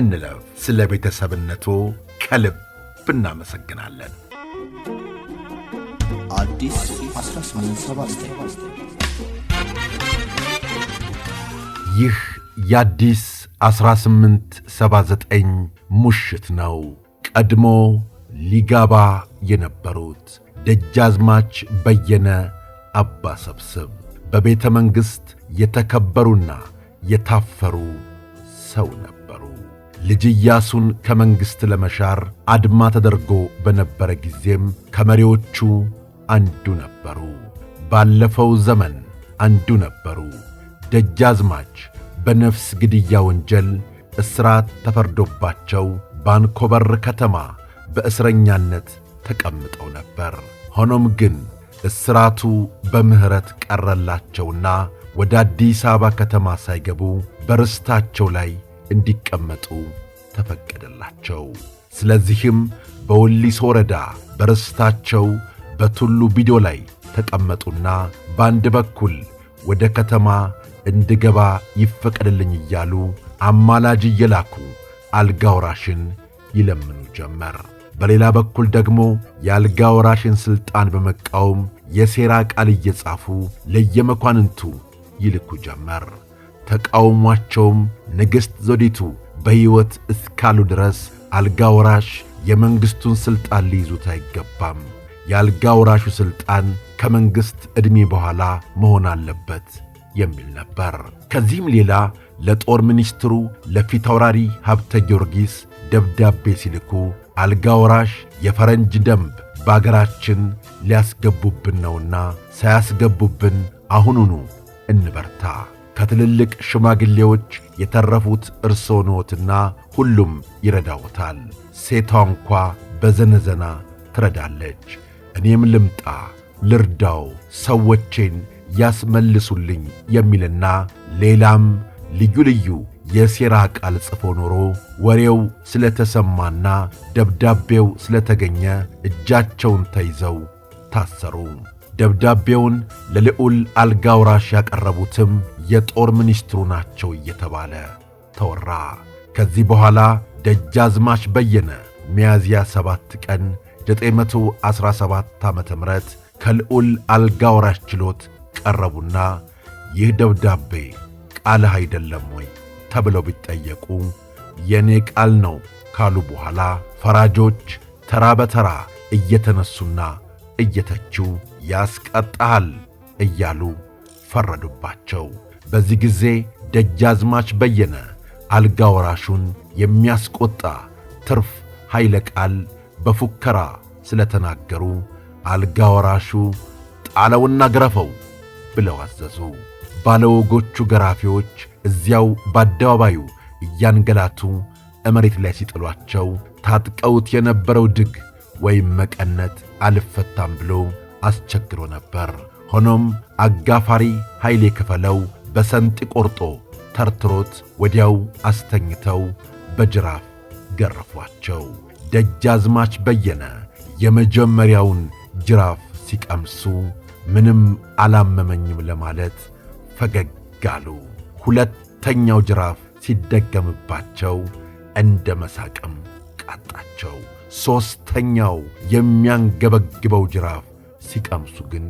እንለፍ። ስለ ቤተሰብነቱ ከልብ እናመሰግናለን። ይህ የአዲስ 1879 ሙሽት ነው። ቀድሞ ሊጋባ የነበሩት ደጃዝማች በየነ አባ ሰብስብ በቤተ መንግሥት የተከበሩና የታፈሩ ሰው ነበሩ። ልጅ ኢያሱን ከመንግሥት ለመሻር አድማ ተደርጎ በነበረ ጊዜም ከመሪዎቹ አንዱ ነበሩ። ባለፈው ዘመን አንዱ ነበሩ። ደጃዝማች በነፍስ ግድያ ወንጀል እስራት ተፈርዶባቸው ባንኮበር ከተማ በእስረኛነት ተቀምጠው ነበር። ሆኖም ግን እስራቱ በምሕረት ቀረላቸውና ወደ አዲስ አበባ ከተማ ሳይገቡ በርስታቸው ላይ እንዲቀመጡ ተፈቀደላቸው። ስለዚህም በወሊስ ወረዳ በርስታቸው በቱሉ ቢዶ ላይ ተቀመጡና በአንድ በኩል ወደ ከተማ እንድገባ ይፈቀድልኝ እያሉ አማላጅ እየላኩ አልጋ ወራሽን ይለምኑ ጀመር። በሌላ በኩል ደግሞ የአልጋ ወራሽን ሥልጣን በመቃወም የሴራ ቃል እየጻፉ ለየመኳንንቱ ይልኩ ጀመር። ተቃውሟቸውም ንግሥት ዘውዲቱ በሕይወት እስካሉ ድረስ አልጋ ወራሽ የመንግሥቱን ሥልጣን ሊይዙት አይገባም፣ የአልጋ ወራሹ ሥልጣን ከመንግሥት ዕድሜ በኋላ መሆን አለበት የሚል ነበር። ከዚህም ሌላ ለጦር ሚኒስትሩ ለፊት አውራሪ ሀብተ ጊዮርጊስ ደብዳቤ ሲልኩ አልጋ ወራሽ የፈረንጅ ደንብ በአገራችን ሊያስገቡብን ነውና ሳያስገቡብን አሁኑኑ እንበርታ ከትልልቅ ሽማግሌዎች የተረፉት እርስዎ ነዎትና ሁሉም ይረዳዎታል። ሴቷ እንኳ በዘነዘና ትረዳለች። እኔም ልምጣ ልርዳው፣ ሰዎቼን ያስመልሱልኝ የሚልና ሌላም ልዩ ልዩ የሴራ ቃል ጽፎ ኖሮ ወሬው ስለተሰማና ደብዳቤው ስለተገኘ እጃቸውን ተይዘው ታሰሩ። ደብዳቤውን ለልዑል አልጋ ያቀረቡትም የጦር ሚኒስትሩ ናቸው እየተባለ ተወራ። ከዚህ በኋላ ደጃዝማች በየነ ሚያዝያ 7 ቀን 917 ዓ ም ከልዑል አልጋ ችሎት ቀረቡና ይህ ደብዳቤ ቃልህ አይደለም ወይ ተብለው ቢጠየቁ የእኔ ቃል ነው ካሉ በኋላ ፈራጆች ተራ በተራ እየተነሱና እየተችው ያስቀጣሃል እያሉ ፈረዱባቸው። በዚህ ጊዜ ደጃዝማች በየነ አልጋ ወራሹን የሚያስቆጣ ትርፍ ኃይለ ቃል በፉከራ ስለተናገሩ አልጋ ወራሹ ጣለውና ግረፈው ብለው አዘዙ። ባለወጎቹ ገራፊዎች እዚያው በአደባባዩ እያንገላቱ እመሬት ላይ ሲጥሏቸው ታጥቀውት የነበረው ድግ ወይም መቀነት አልፈታም ብሎ አስቸግሮ ነበር። ሆኖም አጋፋሪ ኃይሌ ክፈለው በሰንጢ ቆርጦ ተርትሮት ወዲያው አስተኝተው በጅራፍ ገረፏቸው። ደጃዝማች በየነ የመጀመሪያውን ጅራፍ ሲቀምሱ ምንም አላመመኝም ለማለት ፈገግ አሉ። ሁለተኛው ጅራፍ ሲደገምባቸው እንደ መሳቅም ቃጣቸው። ሦስተኛው የሚያንገበግበው ጅራፍ ሲቀምሱ ግን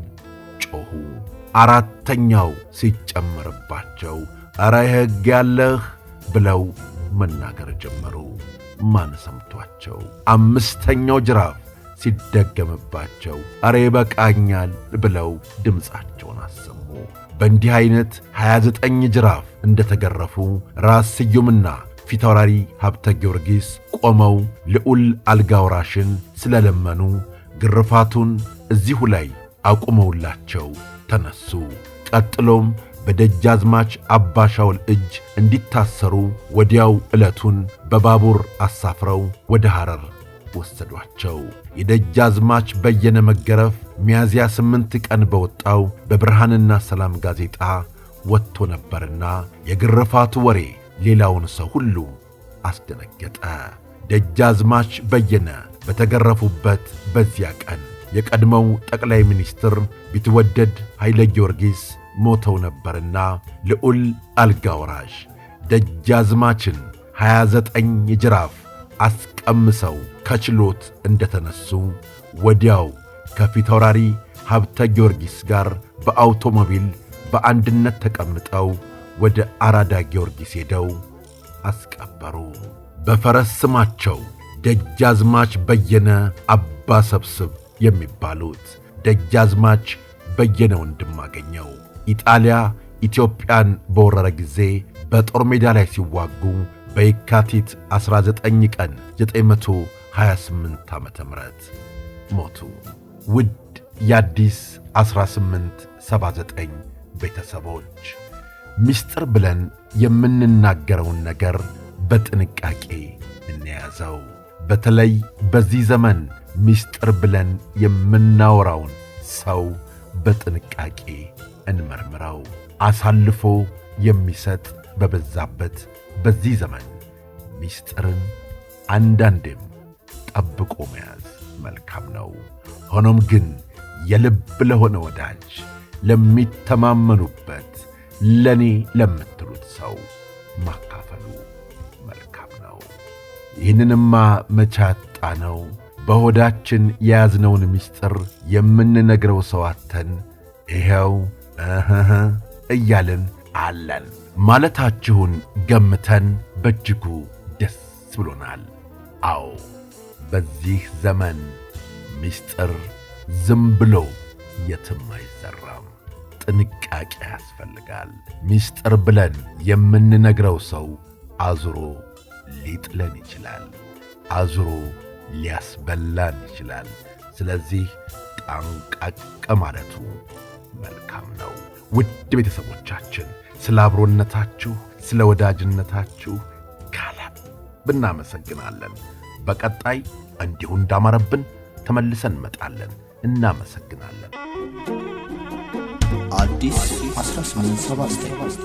ጮኹ። አራተኛው ሲጨመርባቸው ኧረ ሕግ ያለህ ብለው መናገር ጀመሩ። ማን ሰምቷቸው? አምስተኛው ጅራፍ ሲደገምባቸው ኧረ ይበቃኛል ብለው ድምፃቸውን አሰሙ። በእንዲህ ዐይነት ዘጠኝ ጅራፍ እንደተገረፉ ራስ ስዩምና ፊታውራሪ ሀብተ ጊዮርጊስ ቆመው ልዑል አልጋ ወራሽን ስለለመኑ ግርፋቱን እዚሁ ላይ አቁመውላቸው ተነሱ። ቀጥሎም በደጃዝማች አባ ሻውል እጅ እንዲታሰሩ ወዲያው ዕለቱን በባቡር አሳፍረው ወደ ሐረር ወሰዷቸው። የደጃዝማች በየነ መገረፍ ሚያዝያ ስምንት ቀን በወጣው በብርሃንና ሰላም ጋዜጣ ወጥቶ ነበርና የግርፋቱ ወሬ ሌላውን ሰው ሁሉ አስደነገጠ። ደጃዝማች በየነ በተገረፉበት በዚያ ቀን የቀድሞው ጠቅላይ ሚኒስትር ቢትወደድ ኃይለ ጊዮርጊስ ሞተው ነበርና ልዑል አልጋ ወራሽ ደጃዝማችን 29 የጅራፍ አስቀምሰው ከችሎት እንደተነሱ ወዲያው ከፊት አውራሪ ሀብተ ጊዮርጊስ ጋር በአውቶሞቢል በአንድነት ተቀምጠው ወደ አራዳ ጊዮርጊስ ሄደው አስቀበሩ። በፈረስ ስማቸው ደጃዝማች በየነ አባ ሰብስብ የሚባሉት ደጃዝማች በየነ ወንድም አገኘው ኢጣሊያ ኢትዮጵያን በወረረ ጊዜ በጦር ሜዳ ላይ ሲዋጉ በየካቲት 19 ቀን 928 ዓ ም ሞቱ። ውድ የአዲስ 1879 ቤተሰቦች ምስጢር ብለን የምንናገረውን ነገር በጥንቃቄ እንያዘው። በተለይ በዚህ ዘመን ምስጢር ብለን የምናወራውን ሰው በጥንቃቄ እንመርምረው። አሳልፎ የሚሰጥ በበዛበት በዚህ ዘመን ምስጢርን አንዳንዴም ጠብቆ መያዝ መልካም ነው። ሆኖም ግን የልብ ለሆነ ወዳጅ፣ ለሚተማመኑበት፣ ለእኔ ለምትሉት ሰው ማካፈሉ ይህንንማ መቻጣ ነው። በሆዳችን የያዝነውን ምስጢር የምንነግረው ሰው አተን ይኸው እህህ እያልን አለን ማለታችሁን ገምተን በእጅጉ ደስ ብሎናል። አዎ በዚህ ዘመን ምስጢር ዝም ብሎ የትም አይዘራም። ጥንቃቄ ያስፈልጋል። ምስጢር ብለን የምንነግረው ሰው አዙሮ ሊጥለን ይችላል፣ አዙሮ ሊያስበላን ይችላል። ስለዚህ ጠንቀቅ ማለቱ መልካም ነው። ውድ ቤተሰቦቻችን ስለ አብሮነታችሁ፣ ስለ ወዳጅነታችሁ ካላብ እናመሰግናለን። በቀጣይ እንዲሁ እንዳማረብን ተመልሰን እንመጣለን። እናመሰግናለን። አዲስ 1879